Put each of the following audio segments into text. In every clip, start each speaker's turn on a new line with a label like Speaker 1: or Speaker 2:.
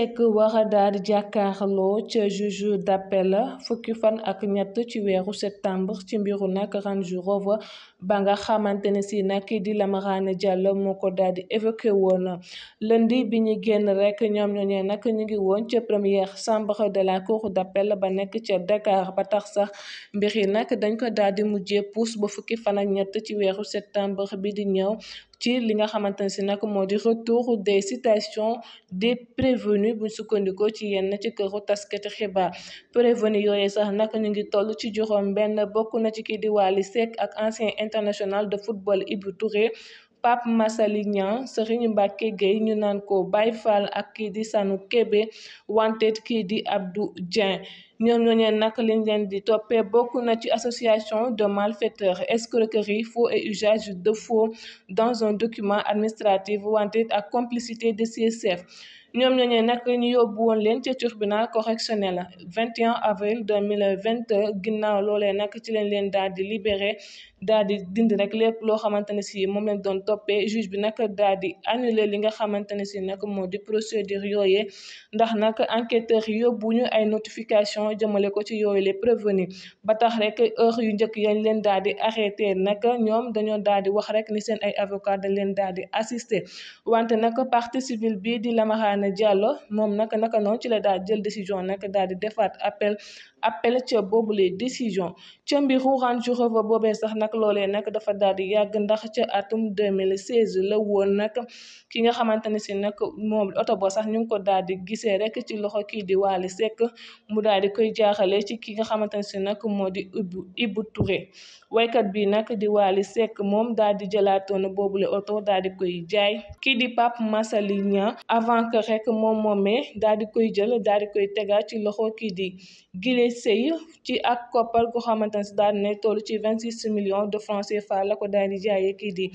Speaker 1: tekk wara daadi jàkkaarloo ca juge d'appel fukki fan ak ñett ci weeru septembre ci mbiru nak Range Rover ba nga xamante ne si nak di lamaraane Diallo moo ko daadi évoqué woon lëndi bi ñu génn rek ñoom ñooñee nak ñu ngi woon ca première chambre de la cour d'appel ba nekk ca dakaar ba tax sax mbir yi nak dañ ko di mujjee puus ba fukki fan ak ñett ci weeru septembre bi di ñëw ci li nga xamante ne si nag moo di retour de citations des prévenus bu sukkandikoo ci yenn ci këru taskati xibaar prévenu yooyu sax nag ñu ngi toll ci juróom benn bokk na ci kii di Wally Seck ak ancien international de football Ibu Touré Pape Massali Niang Serigne Mbacke Gueye ñu naan ko bay Fall ak kii di sannu Kébé wanted kii di Abdou Dieng ñoom ñooñu nag liñ leen di toppee bokk na ci association de malfaiteurs escroquerie faux et usage de faux dans un document administratif wante ak complicité de ses chefs ñoom ñooñu nag ñu yóbbu woon leen ca tribunal correctionnel 21 avril 2022 ginnaaw loolee nag ci lañ leen daal di libéré daal di dindi rek lépp loo xamante ne si moom lañ doon toppee juge bi nag daal di annulé li nga xamante ne si nag moo di procédure yooyee ndax nag enquêteurs yi ay notification information jëmale ko ci yooyu le prévenu ba tax rek heure yu njëkk yañ leen daal di arrêté nag ñoom dañoo daal di wax rek ni seen ay avocat dañ leen daal di assisté wante nag partie civile bi di Lamarane Diallo moom nag naka noonu ci la daal jël décision nag daal di defaat appel appel ca boobule décision ca mbiru Range Rover boobe sax nag loole nag dafa daal di yàgg ndax ca atum 2016 la woon nag ki nga xamante ne si nag moom oto bo sax ñu ko daal di gisee koy jaaxale ci ki nga xamante ne si nag moo di Ibou Touré waykat bi nak di Waly Seck moom daal di jëlaatoon boobule oto daal di koy jaay kii di Pape Massaly avant que rek moom moomee daal di koy jël daal di koy tegaat ci loxo kii di Gile Sey ci ak koppar goo xamante ne si daal ne toll ci vingt six million de francs CFA la ko daal di jaayee kii di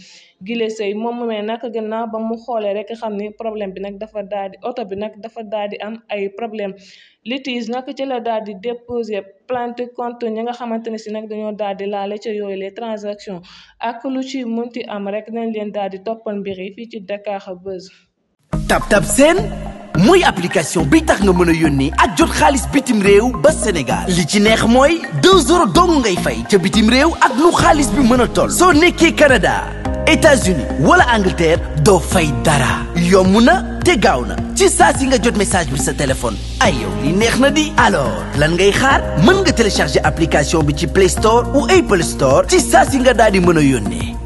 Speaker 1: Gile Sey moom moomee nag gannaaw ba mu xoolee rek xam ni problème bi nag dafa daal bi nag dafa daal di am ay problème litige nag ci la daal di déposer plante contre ñi nga xamante ne si nag dañoo daal di laala ca yooyu les transactions ak lu ci munti am rek nañ leen daal di toppal mbir yi fii ci Dakar Buzz.
Speaker 2: tab tab seen. mooy application bi tax nga mën a yónnee ak jot xaalis bitim réew ba Sénégal li ci neex mooy 2 euros dong ngay fay ca bitim réew ak lu xaalis bi mën a toll soo nekkee Canada. États-Unis wala Angleterre doo fay dara yomb na te gaaw na ci saa si nga jot message bi sa téléphone ay yow li neex na di alors lan ngay xaar mën nga télécharger application
Speaker 1: bi ci Play Store ou Apple Store ci saa si nga daal di mën a yónnee.